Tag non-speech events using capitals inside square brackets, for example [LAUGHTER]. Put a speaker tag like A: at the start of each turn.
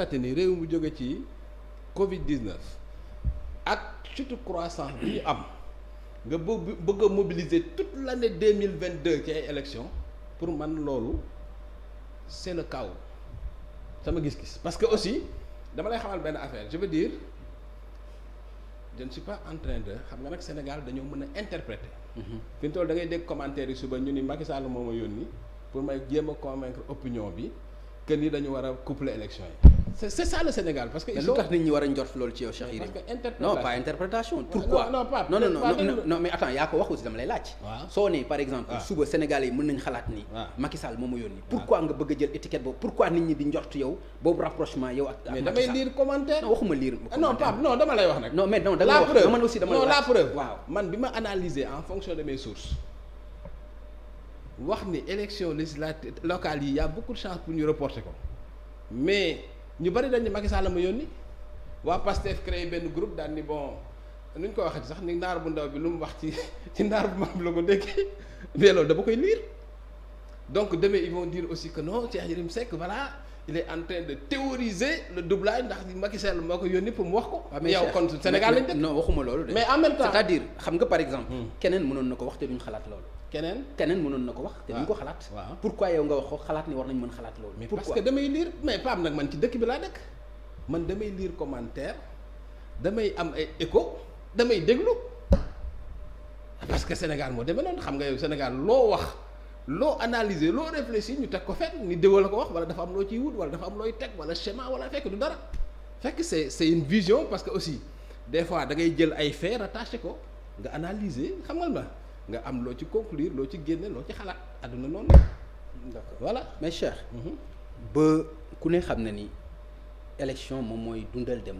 A: constaté ni réew mu jóge ci Covid 19 ak surtout croissance bi ñu am nga bëgg bëgg a mobiliser toute l' année deux mille vingt deux ci ay élections pour man loolu c' est le chaos sama gis-gis parce que aussi dama lay xamal benn affaire je veux dire je ne suis pas xam nga nag senegal dañoo mën a interpréter. Mhm. fi mu toll da ngay dégg commentaire yi suba ñu ni Macky Sall moo ma yónni pour may jéem a convaincre opinion bi que ni dañu war a coupler élection yi. c'est c'est ça le Sénégal parce que. lu tax nit ñi war a njort loolu ci yow Cheikh Yérim non pas interprétation. pourquoi non non non non non mais attends yaa ko par exemple. Ah. Ah. ma yónni. Ah. pourquoi nga bëgg a jël étiquette boobu pourquoi nit ñi di njort yow boobu rapprochement yow ak. damay lire commentaire. waxuma lire non Pape non dama lay wax nag. non mais non da lay wax la preuve man bi ma analyser en fonction de mes wax ni élection législative locale yi y a beaucoup de chance pour ñu bari dañ ne Macky Sall ma yónni waa PASTEF créé benn groupe daal ni bon nu ñu ko waxee sax ni naar bu ndaw bi lu mu wax ci [LAUGHS] ci naar bu mag bi la ko déggee [LAUGHS] mais loolu dama koy lire donc demain ils vont dire aussi que non Cheikh Yérim Seck voilà il est en train de théoriser le doublage ndax Macky Sall moo ko yónni pour mu wax ko. Ah, mais yow kon Sénégal lañ dëkk non waxuma loolu de. mais en même temps c'est-à-dire xam nga par exemple. Hmm. keneen mënoon na ko wax te duñ xalaat loolu. keneen keneen mënoon na ko wax te duñ ko xalaat ah, pourquoi yow nga wax ko xalaat ni war nañ mën xalaat loolu pourquoi parce que damay liir mais Pape nag man ci dëkk bi laa dëkk man damay liir commentaire damay am ay écho damay déglu parce que Sénégal moo demee noonu xam nga yow Sénégal loo wax loo analyser loo réfléchir ñu teg ko fenn ni déwal la ko wax wala dafa am loo ci wut wala dafa am looy teg wala schéma wala fekk du dara fekk c'est c'est une vision parce que aussi des fois da ngay jël ay faits rattaché ko nga analyser xam nga la nga am loo ci conclure loo ci génne loo ci xalaat àdduna noonu d'accord walla mais mhm. ba ku ne xam na ni élection moom mooy dundal démocratie